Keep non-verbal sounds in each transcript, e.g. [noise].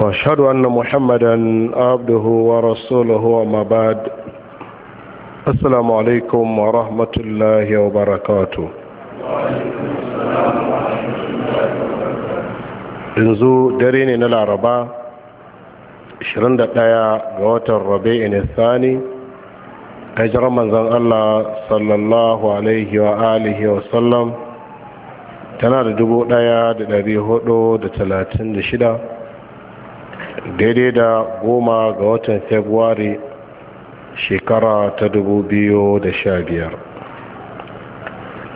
واشهد ان محمدا عبده ورسوله وما بعد السلام عليكم ورحمه الله وبركاته yanzu dare ne na laraba 21 ga watan rabi'in isani hijirar manzon allah sallallahu alaihi wa alihi wa sallam tana da shida. daidai da goma ga watan februari shekara ta dubu biyu da sha biyar.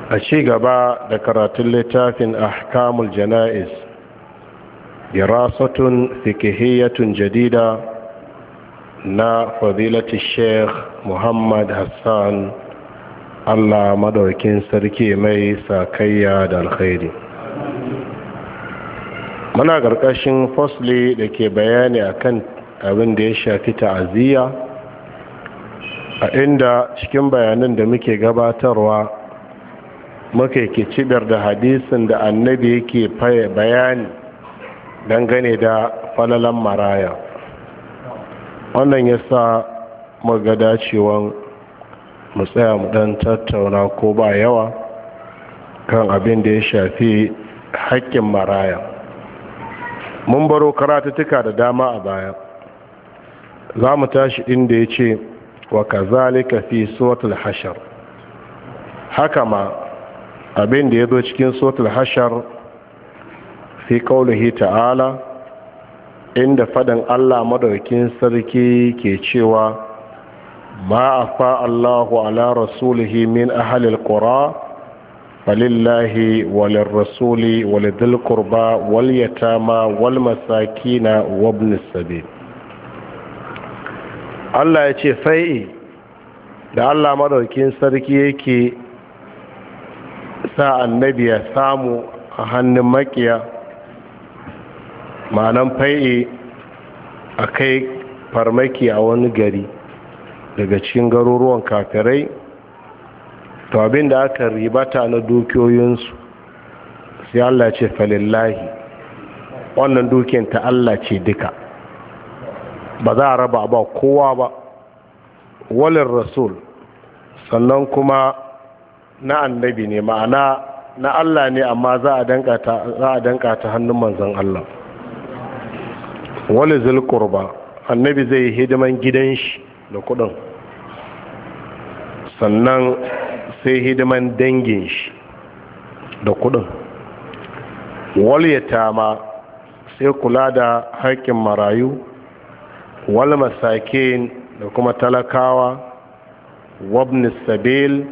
a ci gaba da karatun littafin ahkamul jana'iz dirasatun fikihiyyatun jadida na fadilati sheikh muhammad hassan allah madaukin sarki mai sakayya da alkhairi muna ƙarƙashin fosli da ke bayani akan abin da ya shafi ta'aziyya a inda cikin bayanan da muke gabatarwa muke ke cibiyar da hadisin da annabi yake bayani dangane da falalan maraya wannan ya sa maga dacewan mu tsaya mu dan tattauna ko ba yawa kan abin da ya shafi haƙƙin marayan. mun baro karatattuka da dama a baya za mu tashi inda ya ce wa kazalika fi sotul hashar haka ma abin da ya zo cikin suratul hashar fi kaulihi ta'ala inda fadan Allah madaukin sarki ke cewa ma Allahu ala rasulihi min ahlil ƙura فلله وللرسول ولذي القربى واليتامى والمساكين وابن السبيل Allah ya ce da Allah madaukin sarki yake sa annabi ya samu a hannun makiya ma'anan fai'i a kai farmaki a wani gari daga cikin garuruwan kafirai to abin da aka ribata na dukiyoyinsu sai Allah ce falillahi wannan dukiyar ta Allah ce duka ba za a raba ba kowa ba walin rasul sannan kuma na annabi ne ma'ana na Allah ne amma za a danka ta hannun manzan Allah wani ba annabi zai hidiman gidan shi da kudin sannan sai hidiman dangin shi da kudin waliyata ma sai kula da haƙƙin marayu wal masakin da kuma talakawa wabnis sabil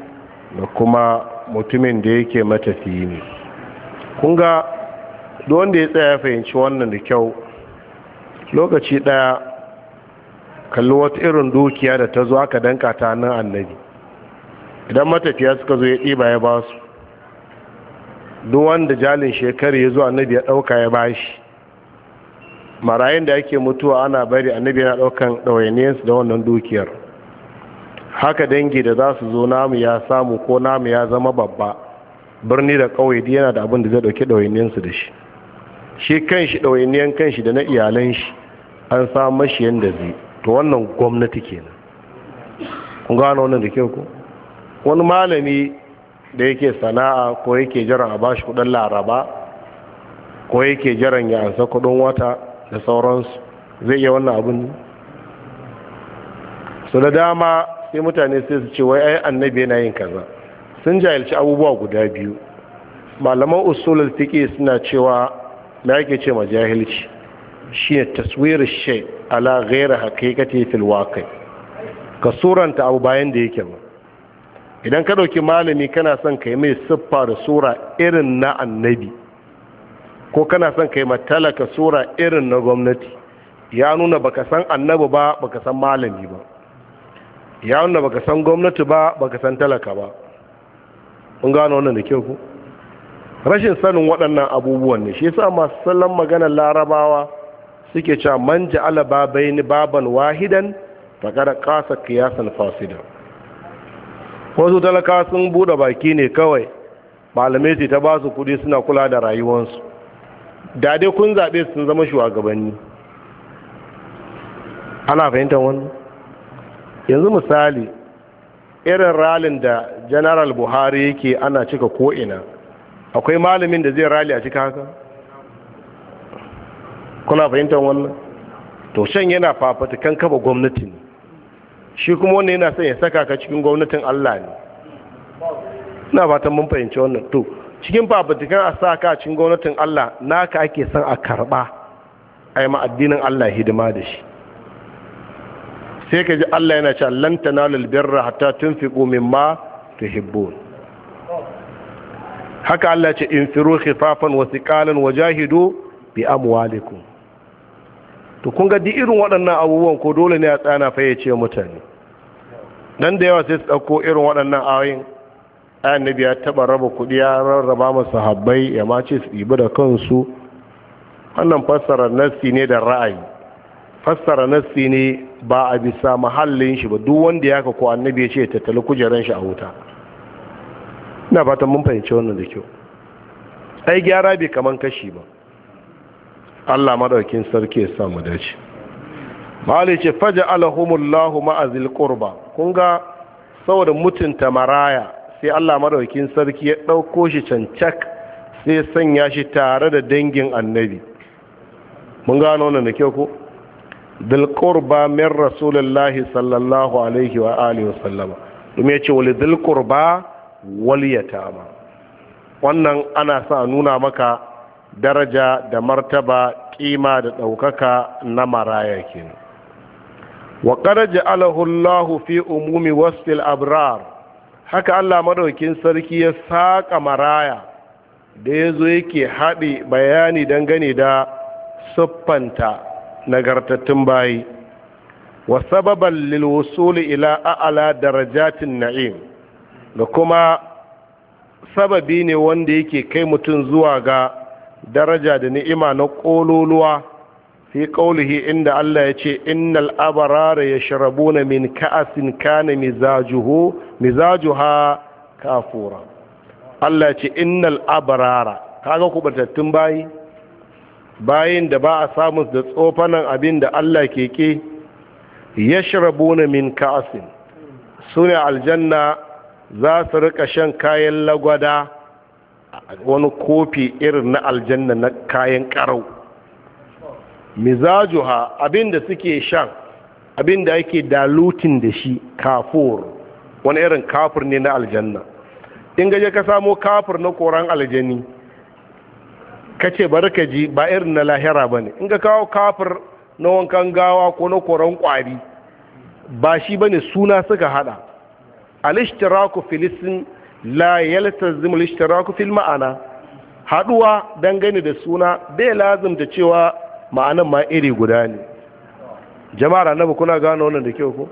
da kuma mutumin da yake matafiyi ne kunga wanda ya tsaya fahimci wannan da kyau lokaci daya kalli wata irin dukiya da ta zo aka danka ta nan annabi idan matafiya suka zo ya ɗiba ya ba su duk wanda jalin shekaru ya zo annabi ya ɗauka ya ba shi marayin da ake mutuwa ana bari annabi yana ɗaukan ɗawainiyarsu da wannan dukiyar haka dangi da za su zo namu ya samu ko namu ya zama babba birni da ƙauye duk yana da abin da zai ɗauki ɗawainiyarsu da shi shi kanshi ɗawainiyar kanshi da na iyalan shi an samu mashi yadda zai to wannan gwamnati kenan kun gano wannan da kyau ko wani malami da yake sana'a ko yake jiran a bashi kudin laraba ko yake jiran ya ansa kudin wata da sauransu zai iya wannan abin su da dama sai mutane sai su ce wai ai annabi yana yin kaza sun jahilci abubuwa guda biyu malaman usulul fiqh suna cewa me yake ce ma jahilci Shi ne taswir shay ala ghairi haqiqati fil waqi ka suranta abu bayan da yake ba idan ka ɗauki malami kana son ka yi mai siffa da sura irin na annabi ko kana son ka yi matalaka sura irin na gwamnati ya nuna baka san annabi ba baka san malami ba ya nuna baka san gwamnati ba baka san talaka ba kun gano wannan da kyau ku rashin sanin waɗannan abubuwan ne shi yasa masu sallan maganar larabawa suke cewa man ja'ala babaini baban wahidan faqad qasa qiyasan fasida wasu talaka sun bude baki ne kawai malamai su ta ba su kudi suna kula da rayuwarsu da dai kun zaɓe sun zama shugabanni ana fahimtar wannan yanzu misali irin ralin da general buhari yake ana cika ko'ina akwai malamin da zai rali a cika haka kuna fahimtar wannan to shan yana kan kaba gwamnati ne shi kuma wani yana son ya saka ka cikin gwamnatin Allah ne ina fatan mun fahimci wannan to cikin fafutukan a sa a cikin gwamnatin Allah naka ake son a karba a yi ma'addinin Allah hidima da shi sai ka ji Allah yana ce lan tun fi hatta tunfiqu mimma tuhibbun haka Allah ce in infiru khifafan wa thiqalan wajahidu bi amwalikum to kun ga di irin waɗannan abubuwan ko dole ne a tsana fa ya ce mutane Nan da yawa sai su ɗauko irin waɗannan ayoyin annabi ya taɓa raba kuɗi ya rarraba masu habbai ya ma ce su ɗibi da kansu wannan fassara nassi ne da ra'ayi fassara nassi ne ba a bisa mahallin shi ba duk wanda ya ka ko annabi ya ce tattali kujeran shi a wuta ina fatan mun fahimci wannan da kyau ai gyara bai kaman kashi ba Allah madaukin sarki ya samu dace ma'ala ce faja alahumullahu ma'azil qurba kun ga saboda mutunta maraya sai Allah madaukakin sarki ya ɗauko shi cancak sai ya sanya shi tare da dangin annabi mun gano wannan da kyau ko dil qurba min rasulillahi sallallahu alaihi wa alihi wa sallama domin ce wali dil qurba wal yatama wannan ana sa nuna maka daraja da martaba kima da ɗaukaka na maraya kenan wa ƙaraja alahullahu fi umumi wasfil abrar haka allah madaukin sarki ya saƙa maraya da ya zo yake haɗe bayani dangane da siffanta nagartattun bayi wa sababan lilwusuli ila a'ala darajatin na'im da kuma sababi ne wanda yake kai mutum zuwa ga daraja da ni'ima na ƙololuwa fi qawlihi inda Allah ya ce innal abrara yashrabuna min ka'asin kane mizajuhu ha kafura Allah ya ce innal abrara kaga kubatattun bayi bayin da ba a samu da tsofanan abin da Allah ke ke yashrabuna min ka'asin sune aljanna za su rika shan kayan lagwada wani kofi irin na aljanna na kayan karau mizajuha abinda suke shan abinda yake dalutin da shi kafur wani irin kafur ne na aljanna in gaje ka samo kafur na koran aljani ka ce bari ji ba irin na lahira ba ne in ka kawo kafur na wankan gawa ko na koran kwari ba shi ba ne suna suka hada alishtiraku filisin la yaltazim alishtiraku fil ma'ana haduwa dangane da suna bai lazim da cewa ma'anan ma iri guda ne jama'ar annabi kuna gano wannan da kyau ko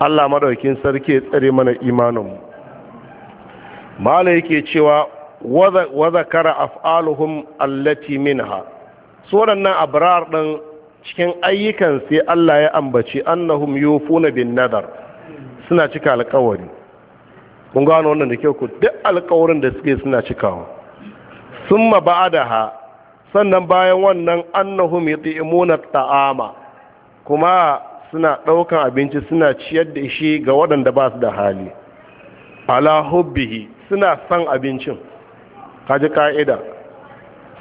Allah madaukin sarki ya tsare mana imaninmu mala yake cewa wa zakara af'aluhum allati minha su waɗannan abrar din cikin ayyukan sai Allah ya ambaci annahum yufuna bin nadar suna cika alƙawari kun gano wannan da kyau ku duk alƙawarin da suke suna cikawa summa ba'adaha sannan bayan wannan annahum yuti'muna ta'ama kuma suna ɗaukan abinci suna ciyar da shi ga wadanda ba su da hali ala hubbihi suna son abincin kaji ka'ida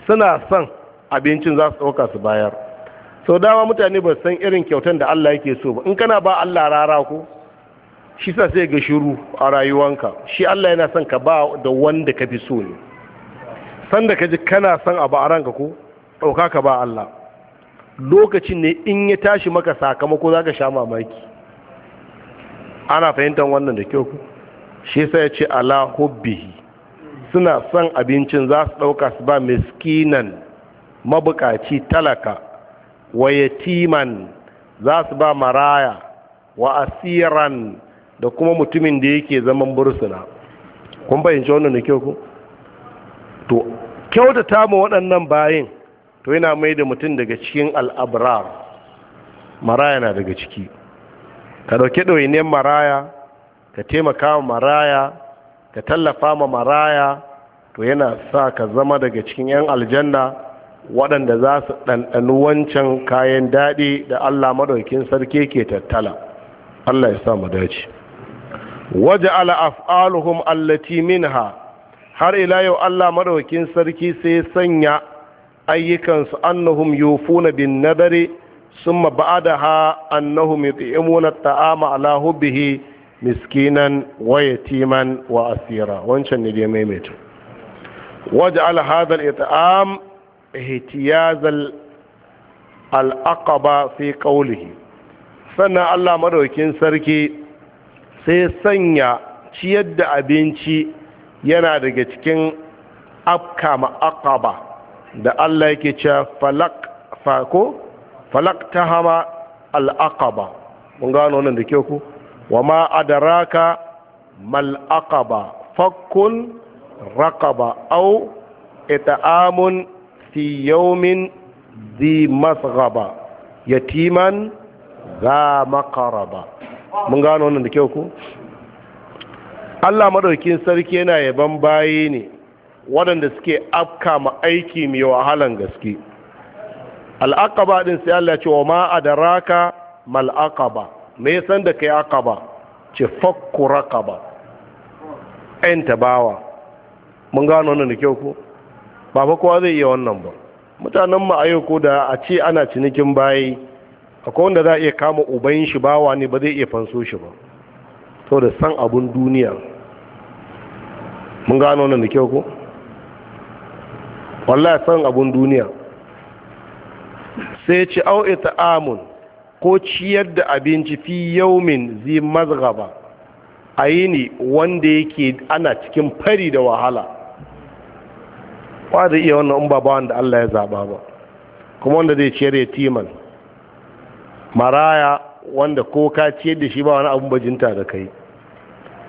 suna son abincin za su ɗauka su bayar sau dama mutane ba san irin kyautan da Allah yake so ba in kana ba Allah rara ko shi sa sai ga shiru a rayuwanka shi Allah yana son ka ba da wanda ka fi so ne sanda ka ji kana son abu a ranka ko ɗauka ka ba Allah lokacin ne in ya tashi maka sakamako za ka sha mamaki ana fahimtar wannan da kyau shi yasa ya ce ala hubbihi suna san abincin za su ɗauka su ba miskinan mabukaci talaka wa yatiman za su ba maraya wa asiran da kuma mutumin da yake zaman bursuna kun fahimci wannan da kyau ku to kyautata mu waɗannan bayin to yana mai da mutum daga cikin al'abrar maraya na daga ciki ka ɗauke ɗoyinin maraya ka taimaka wa maraya ka tallafa ma maraya to yana sa ka zama daga cikin 'yan aljanna waɗanda za su ɗanɗani wancan kayan daɗi da allah maɗaukin sarki ke tattala allah ya sa mu dace waje ala af'aluhum allati minha har ila yau Allah madaukakin sarki sai ya sanya ayyukansu annahum yufuna bin nadari summa ba'daha annahum yut'imuna at'ama ala hubbihi miskinan wa yatiman wa asira wancan ne dai maimaito waj'al hadha al-it'am ihtiyaz al-aqaba fi qawlihi sannan Allah madaukakin sarki sai sanya ciyar da abinci yana daga cikin afka ma'aqaba da Allah yake cewa falak fako falak tahama al'aqaba mun gano nan da ke ku wa ma adraka mal aqaba fakkun raqaba aw it'amun fi yawmin za مسغبة ba, mun gano nan da ke ku. Allah madaukin sarki yana yaban baye ne waɗanda suke afka ma aiki mai wahalan gaske al'aqaba din sai Allah ce wa ma adraka mal aqaba me yasan da kai aqaba ce fakku raqaba ayin tabawa mun gano wannan da kyau ko ba kowa zai iya wannan ba mutanen mu ayo ko da a ce ana cinikin bayi akwai wanda za a iya kama uban shi bawa ne ba zai iya fanso shi ba sau da san abun duniya mun gano nan da kyau ko wallahi san abun duniya sai ci au Amun, ko ciyar da abinci fi yaumin zi mazgaba a yi ne wanda yake ana cikin fari da wahala ba iya wannan umbaba ba wanda Allah ya zaba ba kuma wanda zai ciyar ya timan maraya wanda ko ka ciyar da shi ba wani abin bajinta da kai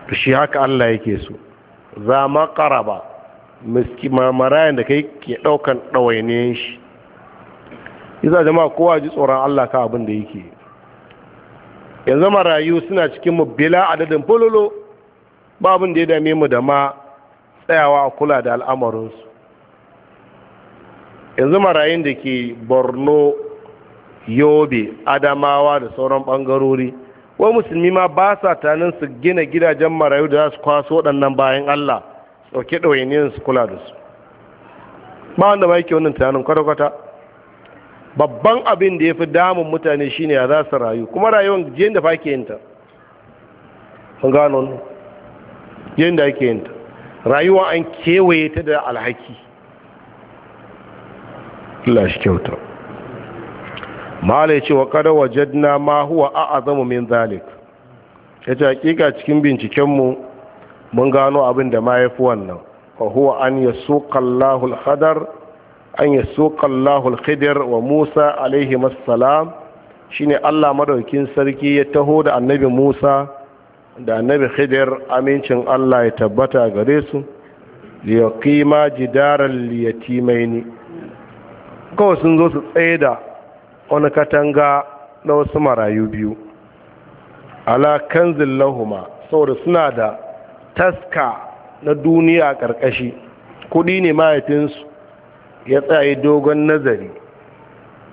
to shi haka Allah yake so za ma qaraba miski da kai ke daukan dawainiyan shi yasa jama'a kowa ji tsoron Allah ka abin da yake yanzu marayu suna cikin mu bila adadin fololo ba abin da ya dame mu da ma tsayawa a kula da al'amarinsu yanzu marayun da ke borno yobe adamawa da sauran bangarori wai musulmi ma ba sa tanin su gina gidajen marayu da za su kwaso waɗannan bayan Allah ɗauke ɗawainiyar su kula da su ba wanda ma yake wannan tunanin kwata-kwata babban abin da ya fi damun mutane shine ya za su rayu kuma rayuwar jiyan da fa ke yinta an gano ne jiyan da ake yinta rayuwa an kewaye ta da alhaki Allah shi kyauta mala ya ce wa kada na ma huwa azamu min zalik ce hakika cikin bincikenmu mun gano abin da ma ya fi wannan wa huwa an ya Allahu al an ya khidir wa Musa alaihi shi shine Allah madaukin sarki ya taho da annabi Musa da annabi khidir amincin Allah ya tabbata gare su liyaqima jidaral ne kawai sun zo su tsaye da wani katanga na wasu marayu biyu ala kanzin lahuma saboda suna da taska na duniya a ƙarƙashi kuɗi ne mahaifinsu ya tsaye dogon nazari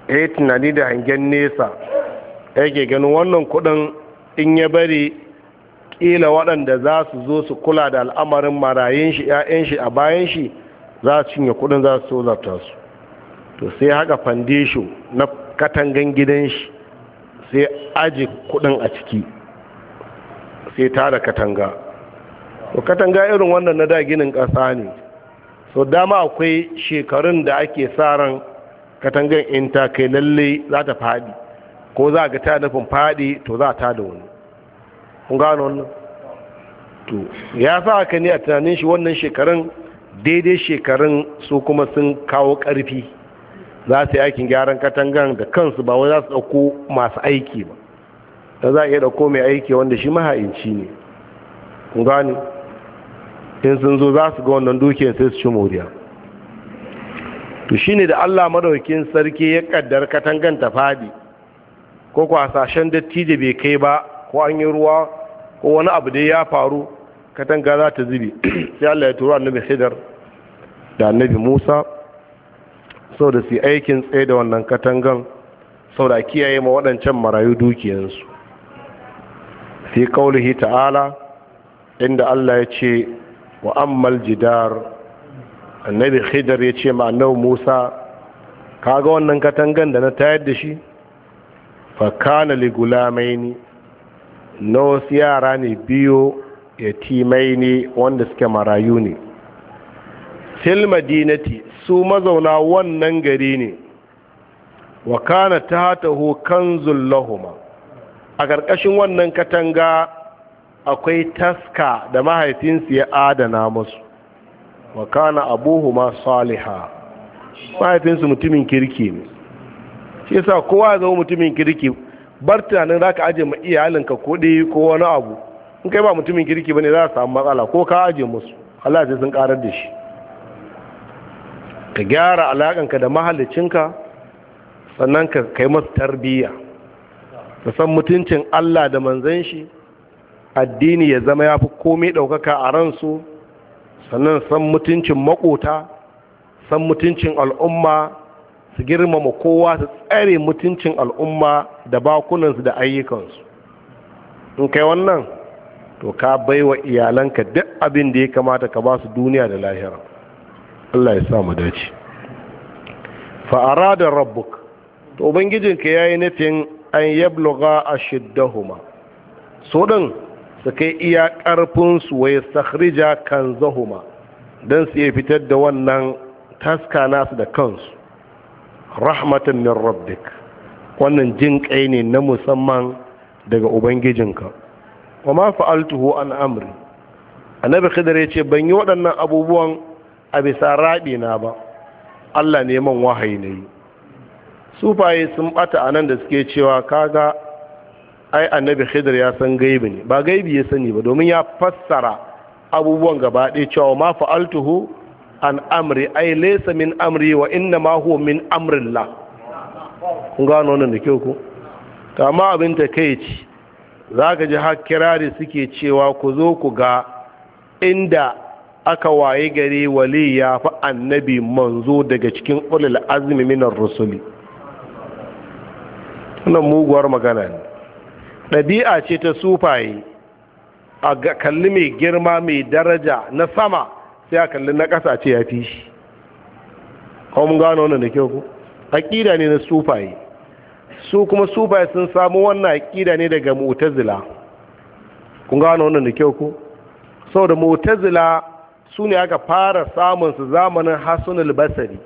ya yi tunani da hangen nesa yake ganin wannan kuɗin in ya bari ƙila waɗanda za su zo su kula da al'amarin marayun shi 'ya'yan shi a bayan shi za su cinye kuɗin za su so zafta su to sai haka fandisho na katangan gidan shi sai aji kudin a ciki sai tara katanga to katanga irin wannan na da ginin ƙasa ne so dama akwai shekarun da ake sa ran katangan in ta kai lalle za ta fadi ko za ga ta nufin fadi to za ta da wani kun gano wannan to ya sa aka ne a tunanin shi wannan shekarun daidai shekarun su kuma sun kawo karfi za su yi aikin gyaran katangan da kansu ba wai za su dauko masu aiki ba da za a iya dauko mai aiki wanda shi maha'inci ne gani in sun zo za su ga wannan dukiyar sai su ci moriya to shi ne da allah madaukin sarki ya kaddar katangan ta fadi ko kwasashen dattijo bai kai ba ko an yi ruwa ko wani abu da ya faru katanga za ta zubi [clears throat] sai allah ya turo annabi hidar da annabi musa sau da su aikin tsaye da wannan katangan sau da kiyaye ma waɗancan marayu dukiyansu fi kaulihi ta'ala inda Allah ya ce wa ammal jidar annabi khidar ya ce ma annabi musa kaga wannan katangan da na tayar da shi Fakana ligula mai ni na wasu yara ne biyu yatimai ne wanda suke marayu ne fil madinati su mazauna wannan gari ne wa kana taho kanzul lahuma. a ƙarƙashin wannan katanga akwai taska da mahaifinsu ya adana musu wa kana abuhuma saliha mahaifinsu mutumin kirki ne shi yasa kowa ya zama mutumin kirki bar tunanin zaka aje ma iyalinka ko ɗaya ko wani abu in kai ba mutumin kirki bane za a samu matsala ko ka aje musu Allah sun karar da shi ka gyara alaƙanka da mahalicinka sannan ka kai masu tarbiyya ka san mutuncin Allah da manzan shi addini ya zama ya fi komai ɗaukaka a ransu sannan san mutuncin makota san mutuncin al'umma su girmama kowa su tsare mutuncin al'umma da bakunansu da ayyukansu in kai wannan to ka baiwa iyalanka duk abin da ya kamata ka ba su duniya da lahira Allah ya sa mu dace fa arada rabbuk to ubangijinka yayi nufin an yabluga ashiddahuma so din su kai iya karfin su wa sakhrija kanzahuma dan su fitar da wannan taska nasu da kansu rahmatan min rabbik wannan jin kai ne na musamman daga ubangijinka wa ma fa'altuhu an amri annabi khidr yace ban yi waɗannan abubuwan a bisa raɓi na ba allah neman wahayi na yi sufaye sun bata a nan da suke cewa kaga ai annabi khidr ya san gaibi ne ba gaibi ya sani ba domin ya fassara abubuwan gaba ɗaya cewa ma fa'altuhu an amri ai laysa min amri wa inna ma huwa min amrillah kun gano wannan da kyau ko ma abin ta kai ci ka ji har kirari suke cewa ku zo ku ga inda aka waye gare wali ya fi annabi manzo daga cikin ulul azmi minar rusuli wannan muguwar magana ne ɗabi'a ce ta sufaye a kalli mai girma mai daraja na sama sai a kalli na ƙasa ce ya fi shi mun gano wannan da kyau ku aƙida ne na sufaye su kuma sufaye sun samu wannan aƙida ne daga mu'tazila kun gano wannan da kyau ku Sau da mu'tazila su ne aka fara samun samunsu zamanin hasunul basari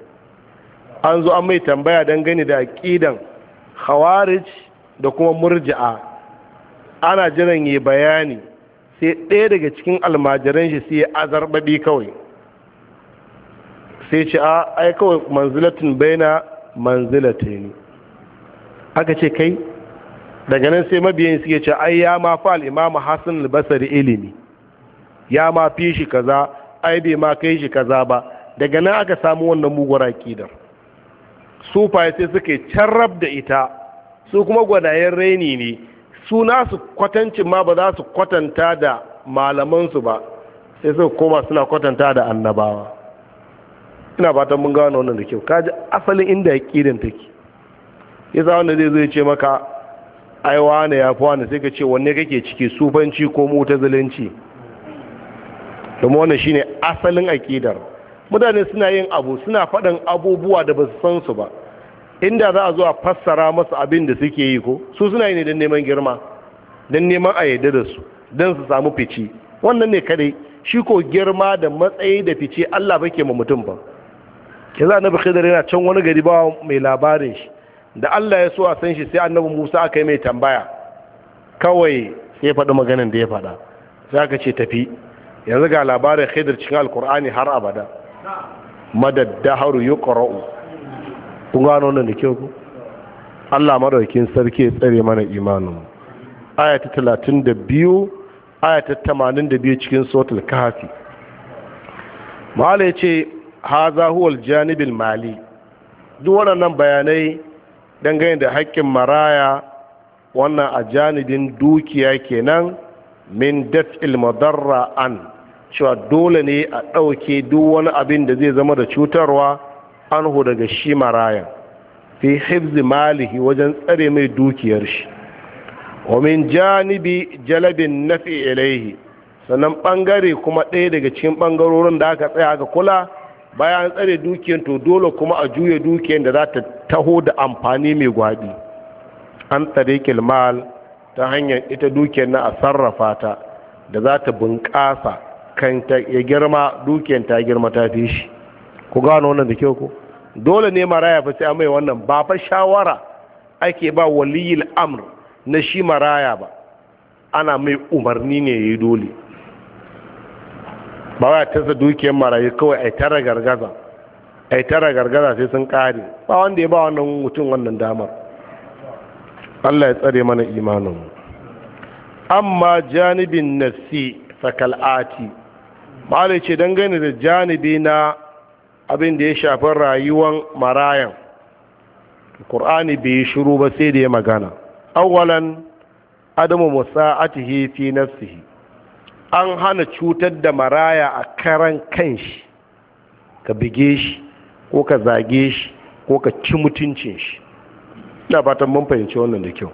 an zo an mai tambaya don gani da aƙidan khawarij da kuma murji'a ana jiran yi bayani sai ɗaya daga cikin almajiran shi sai azarbaɓi kawai sai ce a ai kawai manzilatin baina manzilatin aka ce kai daga nan sai mabiyan suke ce ai ya ma fa al-imamu hasan ilimi ya ma fi shi kaza ai bai ma kai shi kaza ba daga nan aka samu wannan muguwar akidar sufaye sai suke carrab da ita su kuma gwadayen raini ne su nasu kwatancin ma ba za su kwatanta da malamansu ba sai suka koma suna kwatanta da annabawa ina fatan mun gano wannan da kyau kaji asalin inda ya aqidan take yasa wanda zai zo ya ce maka ai wane ya fi wane sai ka ce wanne kake ciki sufanci ko mutazilanci domin wannan shine asalin aƙidar mutane suna yin abu suna faɗin abubuwa da basu su san su ba inda za a zo a fassara masu abin da suke yi ko su suna yi ne don neman girma don neman a da su don su samu fici wannan ne kadai shi ko girma da matsayi da fice Allah ba ke ma mutum ba ke za annabi khidr yana can wani gari ba mai labarin shi da Allah ya so a san shi sai annabi Musa aka yi mai tambaya kawai sai faɗi maganin da ya faɗa sai aka ce tafi yanzu ga labarin khidr cikin alkur'ani har abada madadda haru yi ƙara'u kun gano nan da kyau ku allah maraukin sarki ya tsare mana imanin ayata talatin da biyu ayata tamanin da biyu cikin Sotar kahafi mahala ce haza huwal janibin mali duk waɗannan bayanai dangane da haƙƙin maraya wannan a janibin dukiya kenan min daf'il madarra an cewa dole ne a ɗauke duk wani abin da zai zama da cutarwa an hu daga shi marayan fi hibzi malihi wajen tsare mai dukiyar shi omin janibi jalabin nafi ilaihi sannan ɓangare kuma ɗaya daga cikin ɓangarorin da aka tsaya aka kula bayan tsare dukiyar to dole kuma a juya dukiyar da za ta taho da amfani mai gwaɗi an tsare kilmal ta hanyar ita dukiyar na a sarrafa ta da za ta bunƙasa kan ya girma dukiyan ta girma ta fi shi ku gano wannan da kyau ku dole ne maraya fa sai a mai wannan ba fa shawara ake ba waliyil amr na shi maraya ba ana mai umarni ne yayi dole ba wai ta sa dukiyar marayu kawai ai tara gargaza ai tara gargaza sai sun kare ba wanda ya ba wannan mutum wannan damar Allah ya tsare mana imanin amma janibin nafsi fakal'ati malai ce dangane da janibi na abin da ya shafi rayuwan marayan ƙur'ani bai yi shiru ba sai da ya magana Awalan adamu Musa, musa'atihi fi nafsihi an hana cutar da maraya a karan kanshi ka bige shi ko ka zage shi ko ka ci mutuncin shi ina fatan mun fahimci wannan da kyau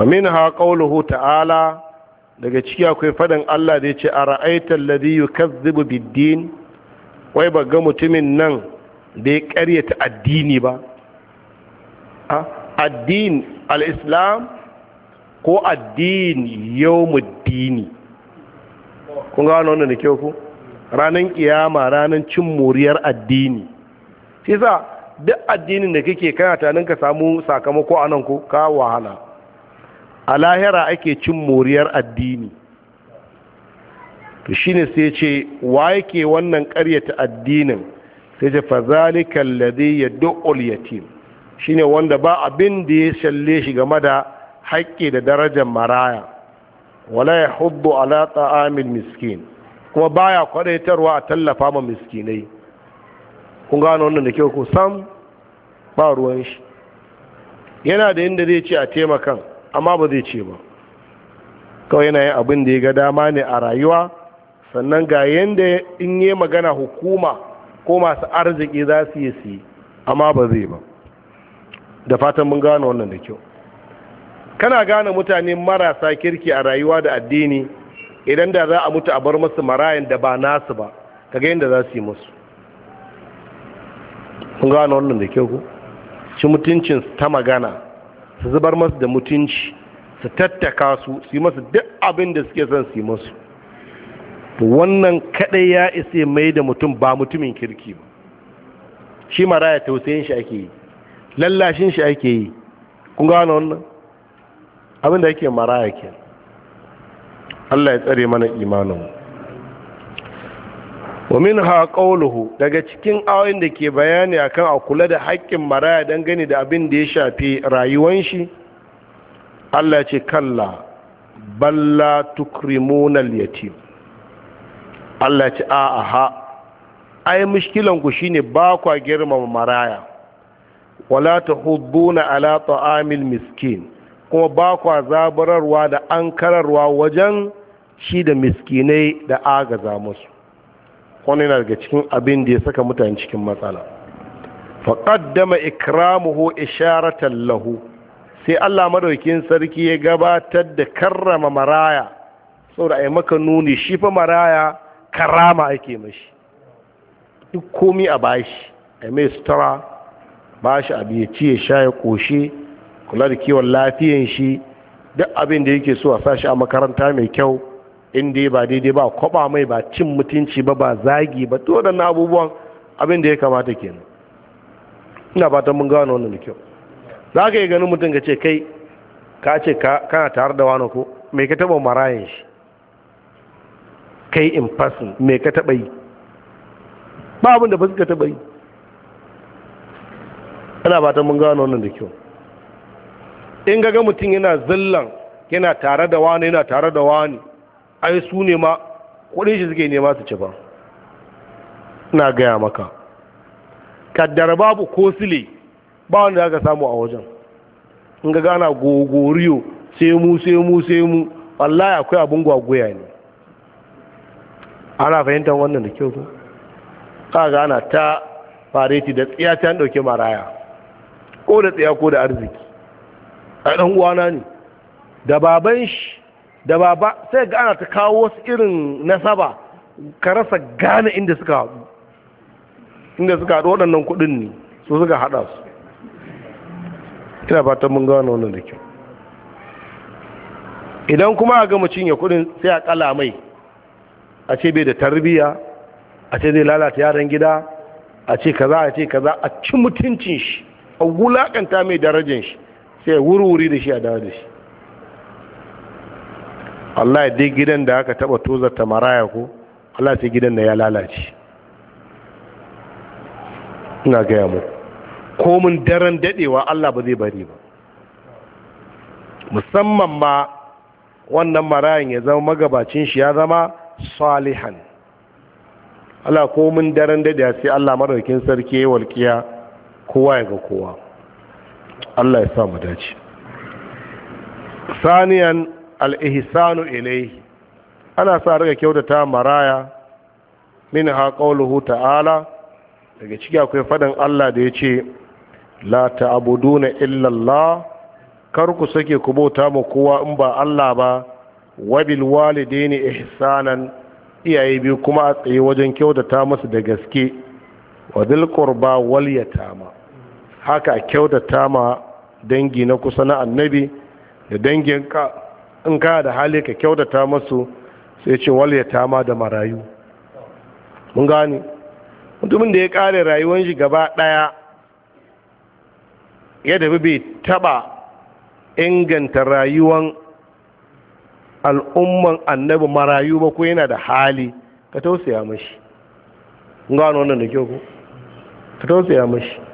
famin ha qauluhu ta'ala daga ciki akwai faɗan Allah da ya ce a ra'aitar ladi yi kazzubu biddin wai ba ga mutumin nan da ya karyata addini ba addin al'islam ko addin yau muddini kun wani wannan da kyau ku ranar kiyama ranar cin moriyar addini shi sa duk addinin da kake kana tanin ka samu sakamako a nan ko ka wahala a lahira ake cin moriyar addini to shine sai ce wa yake wannan karyata addinin sai ce fazalikal ladhi yad'ul yatim shine wanda ba abin da ya shalle shi game da haƙƙi da darajar maraya wala yahuddu ala ta'amil miskin kuma baya kwadaitarwa a tallafa ma miskinai kun gano wannan da kyau ko sam ba ruwan shi yana da inda zai ce a taimakan amma ba zai ce ba kawai yana yin abin da ya ga dama ne a rayuwa sannan ga yadda in yi magana hukuma ko masu arziki za su yi su amma ba zai ba da fatan mun gano wannan da kyau kana gane mutane marasa kirki a rayuwa da addini idan da za a mutu a bar masu marayan da ba nasu ba kaga yadda za su yi musu mun gano wannan da kyau ku ci mutuncinsu ta magana su zubar masu da mutunci su tattaka su su yi masu duk abin da suke son su yi masu wannan kadai ya isa mai da mutum ba mutumin kirki ba shi maraya tausayin shi ake yi lallashin shi ake yi kun gano wannan abin da ake maraya ke Allah ya tsare mana imanin wa min ha daga cikin ayoyin da ke bayani akan a kula da haƙƙin maraya gani da abin da ya shafi rayuwar shi Allah ce kalla balla tukrimuna yatim Allah ce a'a ha ai mushkilan ku shine ba kwa girmama maraya wala tahudduna ala ta'amil miskin kuma ba kwa zabararwa da ankararwa wajen shi da miskinai da agaza musu wani yana daga cikin abin da ya saka mutane cikin matsala faƙaddama ikramuhu isharatan lahu sai Allah madaukin sarki ya gabatar da karrama maraya saboda ai maka nuni shi fa maraya karama ake mashi duk komi a bashi ai mai sutura bashi abi ya ci ya sha ya koshe kula da kiwon lafiyan shi duk abin da yake so a sashi a makaranta mai kyau inda ba daidai ba kwaba mai ba cin mutunci ba ba zagi ba to da abubuwan abin da ya kamata kenan ina fatan mun gano wannan da kyau za ka yi ganin mutum ka ce kai ka ce kana tare da wani ko mai ka taba marayan shi kai in fasin mai ka taba yi ba abin da ba suka taba yi ina fatan mun gano wannan da kyau in ga mutum yana zillan yana tare da wani yana tare da wani ai su ne ma kudin shi suke nema su ci ba ina gaya maka kaddara babu ko sile ba wanda aka samu a wajen in ga gana gogoriyo sai mu sai mu sai mu wallahi akwai abin gwagwaya ne ana fahimtar wannan da kyau ka ga ana ta fareti da tsiya ta dauke maraya ko da tsiya ko da arziki a dan uwana ne da baban shi da baba sai ga ana ta kawo wasu irin nasaba ka rasa gane inda suka haɗu inda suka haɗu waɗannan kuɗin ne su suka haɗa su ina ta mun gano wannan da kyau idan kuma a gama cinye kuɗin sai a ƙala mai a ce bai da tarbiyya a ce zai lalata yaran gida a ce kaza a ce kaza a ci mutuncin shi a wulaƙanta mai darajin shi sai wuri-wuri da shi a dawo da shi Allah ya dai gidan da aka taba tozarta maraya ko Allah sai gidan da ya lalace ina gaya mu komin daren dadewa Allah ba zai bari ba musamman ma wannan marayan ya zama magabacin shi ya zama salihan Allah komin daren dadewa sai Allah madaukin sarki ya walƙiya kowa ya ga kowa Allah ya sa mu dace saniyan al-ihsanu ana sa rika kyautata maraya min ha ta'ala daga ciki akwai faɗin Allah da ya ce la ta’abudu na illallah kar ku sake ku bauta ma kowa in ba Allah ba wabil ne ihsanan iyaye biyu kuma a tsaye wajen kyautata masu da gaske wadil ƙorba qurba wal haka kyautata ma dangi na kusa na annabi da dangin ka in ka da hali ka kyautata masu sai ce ya tama da marayu mun gane mutumin da ya kare rayuwar shi gaba daya ya tafi bai taba inganta rayuwar al'umman annabi marayu ba ko yana da hali ka tausaya mashi gano wannan da kyau ko ka tausaya mashi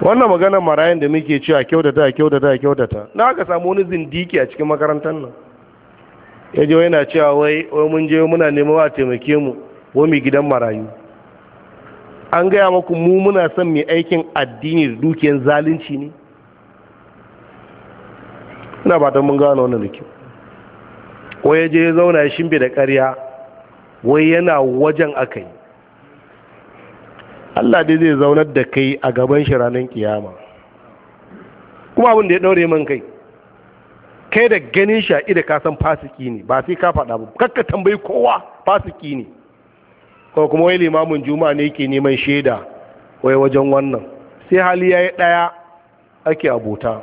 wannan maganar marayan da muke cewa kyautata kyautata kyautata na aka samu wani zindiki a cikin makarantar nan ya je yana cewa wai mun je muna nema wa taimake mu wai gidan marayu an gaya maku mu muna son mai aikin addini da dukiyar zalunci ne ina ba ta mun gano wannan da kyau wai ya je ya zauna ya shimbe da karya? wai yana wajen aka yi Allah dai zai zaunar da kai a gaban shi ranar kiyama kuma abin da ya daure man kai kai da ganin shi da kasan ka san fasiki ne ba sai ka faɗa ba kakka tambayi kowa fasiki ne ko kuma wai limamin juma'a ne yake neman shaida wai wajen wannan sai hali ya yi ɗaya ake abota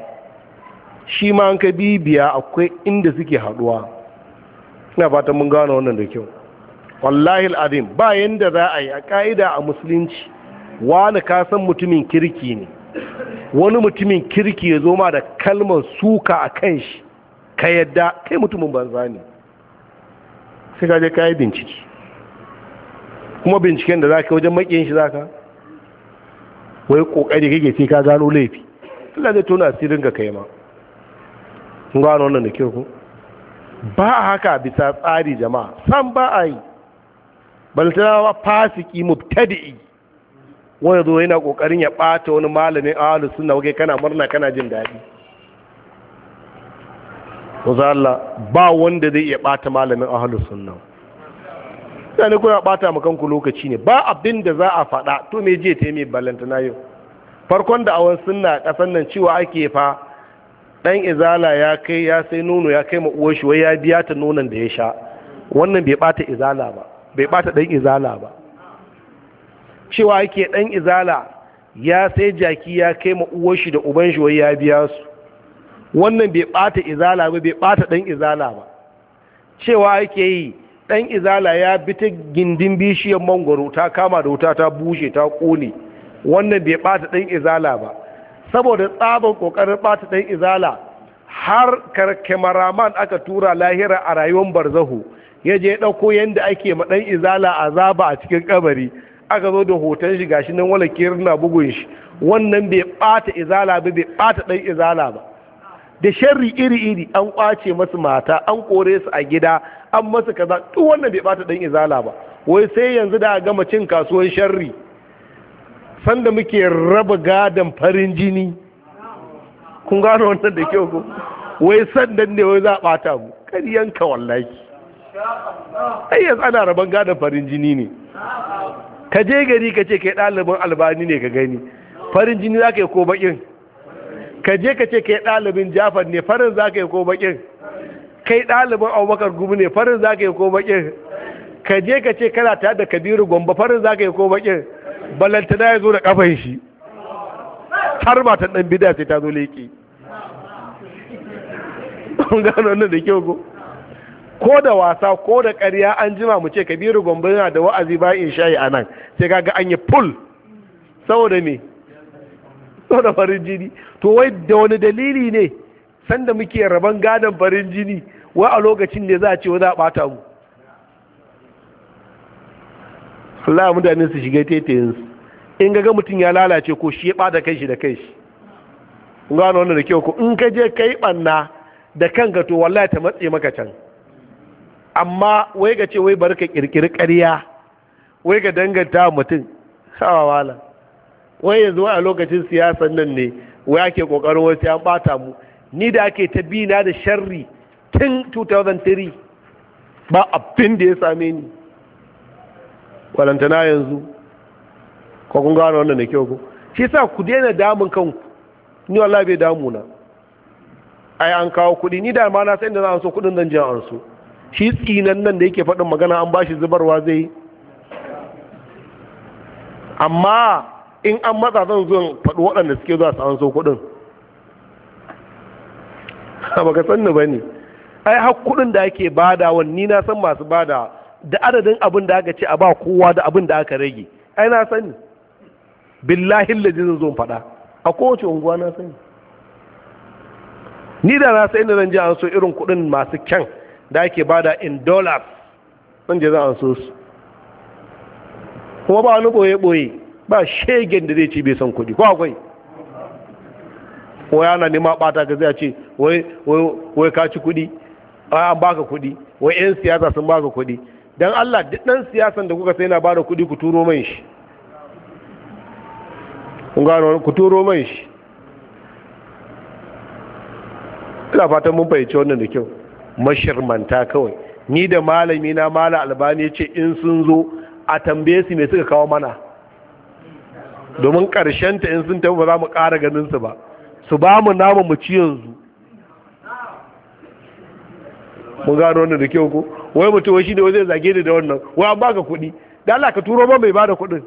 shi ma an ka bibiya akwai inda suke haɗuwa ina fatan mun gane wannan da kyau wallahi al'adim ba yanda za a yi a ka'ida a musulunci wani kasan mutumin kirki ne wani mutumin kirki ya zo ma da kalmar suka a kan shi ka yadda kai mutumin banza ne sai ka je ka yi bincike kuma binciken da za ka wajen makiyin shi za ka wai kokari kake sai ka gano laifi Allah zai tona asirin ga kai ma kun gano wannan da kyau ko ba haka bisa tsari jama'a san ba a yi balantana fasiki mubtadi'i wani zo yana kokarin ya bata wani malamin ahlus sunna wage kana murna kana jin daɗi to Allah ba wanda zai iya bata malamin ahlus sunna yana kuna bata ma kanku lokaci ne ba abin da za a faɗa to me je ta mai balanta na yau farkon da awan sunna kasan nan cewa ake fa dan izala ya kai ya sai nono ya kai ma uwar shi wai ya biya ta nonon da ya sha wannan bai bata izala ba bai bata dan izala ba cewa yake ɗan izala ya sai jaki ya kai ma shi da uban shi wai ya biya su wannan bai bata izala ba bai bata ɗan izala ba cewa yake yi ɗan izala ya bi ta gindin bishiyar mangwaro ta kama da wuta ta bushe ta ƙone wannan bai bata ɗan izala ba saboda tsabar ƙoƙarin bata ɗan izala har karkamaraman aka tura lahira a rayuwar barzahu ya je ɗauko yadda ake ma ɗan izala azaba a cikin kabari aka zo da hoton shi gashi nan wala na bugun shi wannan bai bata izala ba bai bata dan izala ba da sharri iri iri an kwace masu mata an kore su a gida an masu kaza duk wannan bai bata dan izala ba wai sai yanzu da gama cin kasuwan sharri sanda muke raba gadon farin jini kun gano wannan da kyau ko wai sandan ne wai za a bata mu kar yanka wallahi ai yanzu ana raban gadon farin jini ne ka je gari ka ce kai ɗalibin albani ne ka gani farin jini za ka yi ko baƙin ka je ka ce kai ɗalibin jafar ne farin za ka yi ko baƙin kai ɗalibin abubakar gumi ne farin za ka yi ko baƙin ka je ka ce kana tare da kabiru gombe farin za ka yi ko baƙin balantana ya zo da ƙafan shi har ba ta ɗan bida sai ta zo leƙi gano da kyau ko da wasa ko da ƙarya an jima mu ce kabiru gombe yana da wa'azi ba in shayi a nan sai kaga an yi full saboda me saboda farin jini to wai da wani dalili ne sanda muke rabon gadon farin jini wai a lokacin ne za a ce wa za a mu Allah mutane su shiga su in ga mutum ya lalace ko shi ya bada kai shi da kai shi gano wannan da kyau ko in ka je kai ɓanna da kanka to wallahi ta matse maka can amma wai ga ce wai barka kirkiri ƙarya wai ga danganta mutum sawa wala wai yanzu a lokacin siyasan nan ne wai ake kokarin wasu an bata mu ni da ake ta bina da sharri tun 2003 ba abin da ya same ni walantana yanzu ko kun gano wannan da kyau ko shi sa ku daina damun kanku ni wala bai damu na ai an kawo kuɗi ni da ma na san da za a so kuɗin zan je an so shi tsinan nan da yake faɗin magana an bashi zubarwa zai amma in an matsa zan zo faɗi waɗanda suke zuwa su an so kuɗin ba ka sannu ba ne ai har kuɗin da ake bada wani na san masu bada da adadin abin da aka ce a ba kowa da abin da aka rage ai na sani da lajin zo faɗa a kowace unguwa na sani ni da na sai inda zan ji an so irin kuɗin masu kyan da ake bada in dollars sun je za a so su kuma ba wani ɓoye-ɓoye ba shegen da zai ci bai san kuɗi ko akwai wai ana nema ɓata ka zai ce wai ka ci kuɗi wai an baka kuɗi wai 'yan siyasa sun baka kuɗi don allah duk ɗan siyasan da kuka sai na bada kuɗi ku turo man shi ku turo man shi ina fatan mun fahimci wannan da kyau mashirmanta kawai ni da malami na mala albani ya ce in sun zo a tambaye su mai suka kawo mana domin ƙarshen ta in sun tafi ba za mu ƙara ganin su ba su ba mu nama mu ci yanzu mun gano wannan da kyau ko wai mutum shi ne wai zai zage ni da wannan wai an baka kuɗi da Allah ka turo ba mai bada kuɗin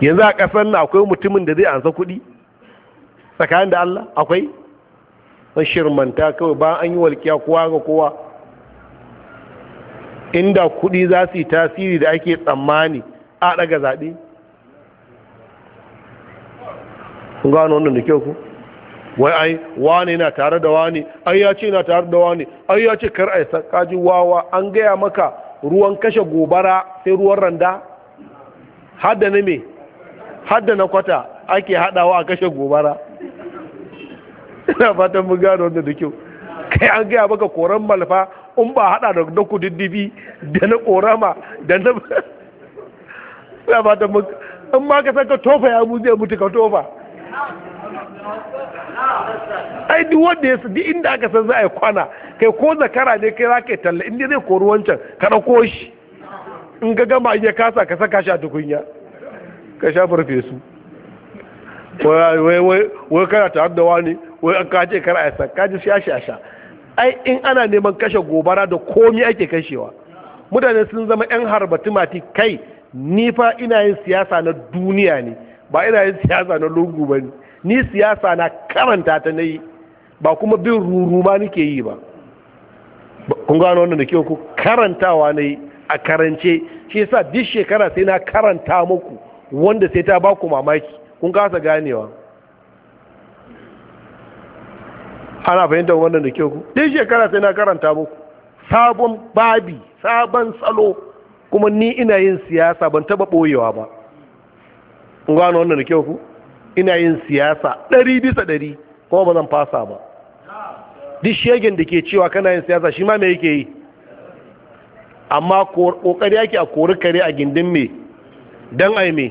yanzu a ƙasar na akwai mutumin da zai ansa kuɗi tsakanin da Allah akwai manta kawai ba an yi walƙiya kowa ga kowa inda kudi za su yi tasiri da ake tsammani a daga zaɓe kun gano wannan da kyau ku wai ai wane na tare da wane ai ya ce na tare da wane ai ya ce kar ai sakaji wawa an gaya maka ruwan kashe gobara sai ruwan randa hadda na me hadda na kwata ake hadawa a kashe gobara ina fatan mun gano wanda da kyau kai an gaya maka koran malfa in ba hada da na kududdufi da na korama da na [laughs] ina fatan mun in ma ka san ka tofa ya mu zai mutu ka tofa ai duk wanda ya duk inda aka san za a yi kwana kai ko zakara ne kai za ka yi talla inda zai koru wancan ka ɗauko shi in ga gama iya kasa ka saka shi a tukunya ka sha farfesu wai kana ta da wani wai an kace kar a yasa kaji sha sha sha ai in ana neman kashe gobara da komi ake kashewa mutane sun zama yan mati kai ni fa ina yin siyasa na duniya ne ba ina yin siyasa na lungu ba ni siyasa na karanta ta na ba kuma bin ruruma nake yi ba kun gano wannan da ke ku karantawa na a karance shi yasa duk shekara sai na karanta muku wanda sai ta ba ku mamaki kun kasa ganewa ana fahimtar wannan da kyau duk shekara sai na karanta muku sabon babi sabon salo kuma ni ina yin siyasa ban taba boyewa ba kun gano wannan da kyau ku ina yin siyasa ɗari bisa ɗari kuma ba zan fasa ba duk shegen da ke cewa kana yin siyasa shi ma me yake yi amma kokari yake a kori kare a gindin me dan ai me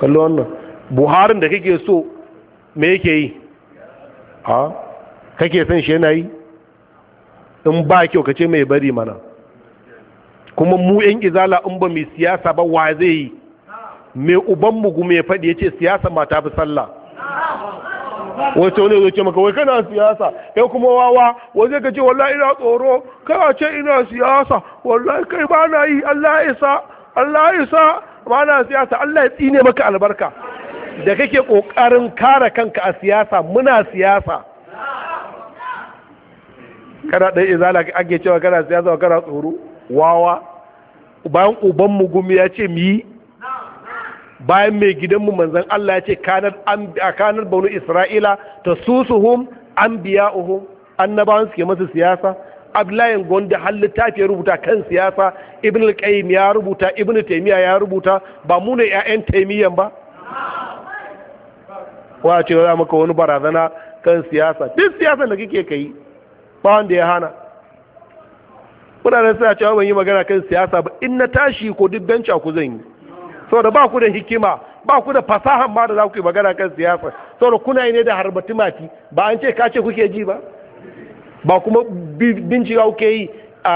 kallo wannan buharin da kake so me yake yi a kake son shi yana yi in ba kyau ka ce mai bari mana kuma mu yan izala in ba mai siyasa ba wa zai yi mai uban mugu mai faɗi ya ce siyasa ma ta fi sallah wato ne zai ce maka wai kana siyasa ya kuma wawa waje ka ce wallahi ina tsoro kai ce ina siyasa wallahi kai ba na yi Allah isa Allah isa ba na siyasa Allah ya tsine maka albarka da kake kokarin kare kanka a siyasa muna siyasa kana ɗan izala ake cewa kana siyasa kana tsoro wawa bayan ubanmu gumi ya ce mu bayan mai gidanmu manzan Allah ya ce kanar baunu isra'ila ta susuhum an biya uhum annabawan suke masu siyasa abdullahi gonda har littafi ya rubuta kan siyasa ibn al ya rubuta ibn taimiya ya rubuta ba mu ne 'ya'yan taimiyyan ba ko a ce za maka wani barazana kan siyasa duk siyasa da kake kai ba wanda ya hana kudaden suna cewa ban yi magana kan siyasa ba in na tashi ko duk benca ku zan yi saboda ba ku da hikima ba ku da fasahan ma da za ku yi magana kan siyasa saboda kuna yi ne da harba mati ba an ce ka ce kuke ji ba ba kuma bincika kuke yi a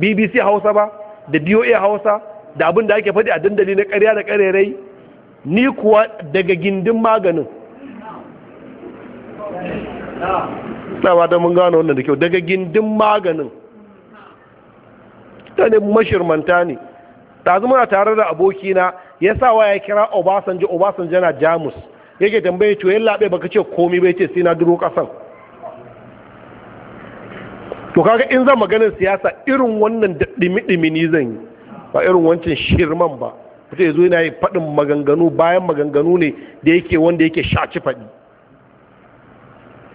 bbc hausa ba da doa hausa da abin da ake faɗi a dandali na ƙarya da ƙarerai ni kuwa daga gindin maganin na ba da mun gano wannan da kyau daga gindin maganin ta ne mashirmanta ne ta muna tare da abokina ya sa waya kira obasanjo obasanjo yana jamus yake tambaye to yin labe baka ce komi bai ce sai na duro kasan to kaga in zan maganin siyasa irin wannan ɗimi-ɗimi ni zan yi ba irin wancan shirman ba mutum ya zo yana yi faɗin maganganu bayan maganganu ne da yake wanda yake shaci faɗi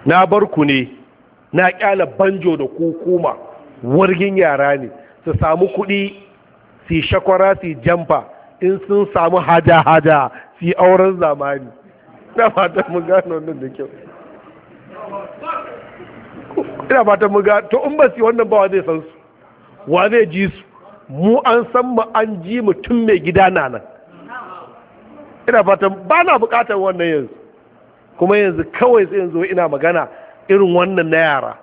na bar ku ne na kyala banjo da kokoma wargin yara ne su samu kuɗi su shakwara su jamfa in sun samu hada-hada su auren zamani ina fatan mu gano nan da kyau ina fata mu gano to in ba su wannan ba wa zai san su wa zai ji su mu an san mu an ji mutum mai gida na nan ina fatan ba na bukatar wannan yanzu kuma yanzu kawai sai yanzu ina magana irin wannan na yara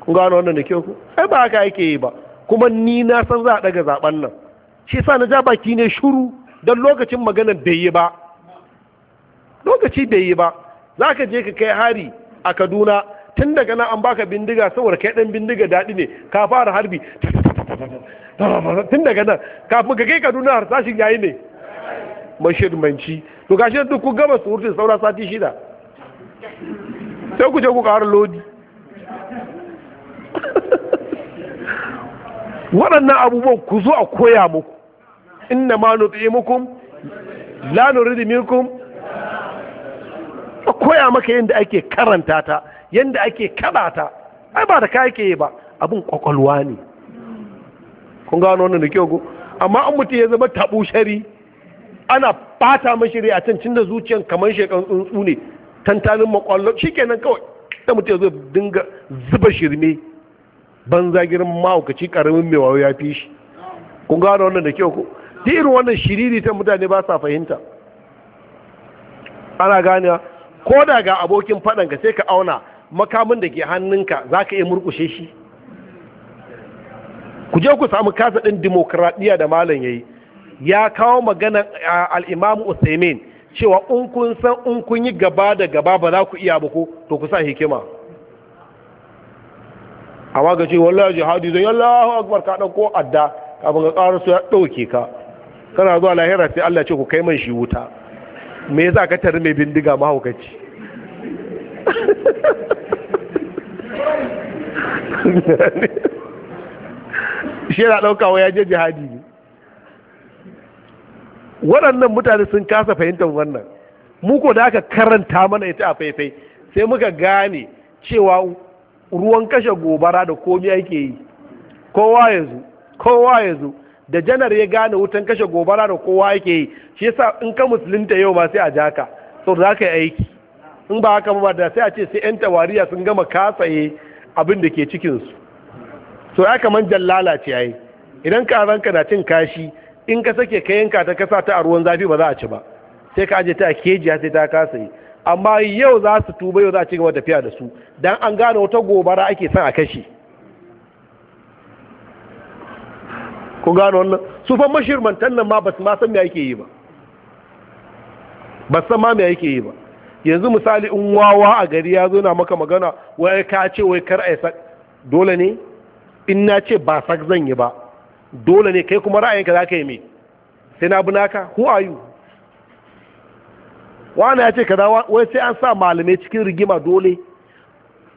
kun gano wannan da kyau ku ai ba haka ake yi ba kuma ni na san za a daga zaben nan shi sa na ja baki ne shuru don lokacin magana bai yi ba lokaci bai yi ba za ka je ka kai hari a kaduna tun daga nan an baka bindiga saboda kai ɗan bindiga daɗi ne ka fara harbi tun daga nan kafin ka kai kaduna har tashin yayi ne mashirmanci to gashi duk ku gama surutun saura sati shida sai ku je ku ƙara lodi waɗannan abubuwan ku zo a koya muku inda ma nutsi muku la nuridu a koya maka yadda ake karanta ta yadda ake kada ta ai ba da kayake yi ba abin kwakwalwa ne kun gano wannan da kyau amma an mutum ya zama tabu shari ana fata mashi rai a can da zuciyan kamar shekan tsuntsu ne tantanin makwallo nan kawai da mutum zo dinga zuba shirme Ban zagirin mahaukaci karamin mai wayo ya fi shi kun gano wannan da kyau ko duk irin wannan shiriri ta mutane ba sa fahimta ana gane ko da ga abokin faɗanka sai ka auna makamin da ke hannunka za ka iya murkushe shi ku je ku samu kasa ɗin dimokuraɗiyya da malam ya yi ya kawo maganar al'imamu usaimin cewa in kun san in kun yi gaba da gaba ba za ku iya ba ko to ku sa hikima amma ga ce wallahi jihadi zai yallahu akbar ka ɗauko adda kafin ka ƙara su ya ɗauke ka kana zuwa lahira sai Allah ce ku kai man shi wuta me za ka tare mai bindiga mahaukaci [laughs] shi yana ɗaukawa ya je jihadi ne waɗannan mutane sun kasa fahimtar wannan mu ko da aka karanta mana ita a faifai sai muka gane cewa ruwan kashe gobara da komi ake yi kowa ya zo kowa ya zo da janar ya gane wutan kashe gobara da kowa ake yi shi yasa in ka musulunta yau ba sai a jaka sau da ka yi aiki in ba haka ba da sai a ce sai yan tawariya sun gama kasaye abin da ke cikinsu so ya kaman jallala ce yayi idan ka na cin kashi in ka sake ka yanka ta kasa ta a ruwan zafi ba za a ci ba sai ka aje ta a keji sai ta kasa yi amma yau za su tuba yau za a ci gaba tafiya da su dan an gane wata gobara ake son a kashe ku gano wannan su fa mashirmantan nan ma ba su ma san me yake yi ba ba san ma me yake yi ba yanzu misali in wawa a gari ya zo na maka magana wai ka ce wai kar a dole ne in na ce ba sak zan yi ba dole ne kai kuma ra'ayinka za ka yi mai sai na bunaka who are you wani ya ce kaza wai sai an sa malamai cikin rigima dole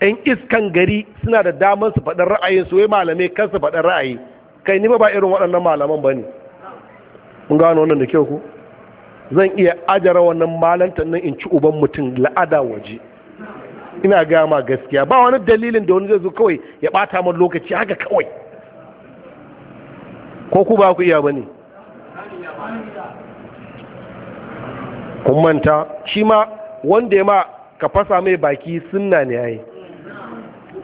yan iskan gari suna da damar su faɗin ra'ayin su wai malamai kan su faɗin ra'ayi kai ni ba irin waɗannan malaman ba ne mun gano wannan da kyau ku zan iya ajara wannan malantar nan in ci uban mutum la'ada waje ina gama gaskiya ba wani dalilin da wani zai zo kawai ya ɓata min lokaci haka kawai ko ku ba ku iya ba ne kun manta shi ma wanda ya ma ka fasa mai baki sunna ne yi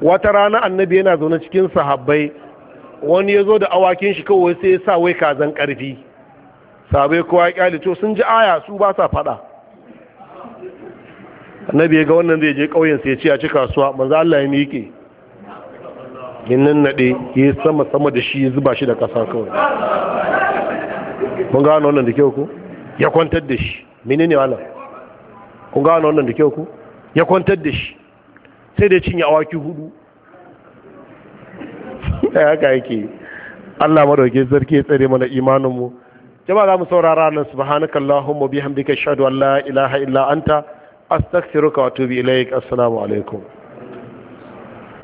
wata rana annabi yana zaune cikin sahabbai wani ya zo da awakin shi kawai sai ya sa wai kazan karfi sabai kowa ya kyalito sun ji aya su ba sa fada annabi ya ga wannan zai je ƙauyen sai ya ce a ci kasuwa manzo Allah ya miƙe ya nannaɗe ya yi sama-sama da shi zuba shi da kasa kawai Kun gano wannan da kyau ku ya kwantar da shi ne wannan kun gano wannan da kyau ku ya kwantar da shi sai da cinye awaki hudu ya [laughs] haka yake Allah madauke zarki ya tsare mana imanin mu jama'a za mu saurara nan subhanakallahumma bihamdika ashhadu an la ilaha illa anta astaghfiruka wa atubu ilaik assalamu alaikum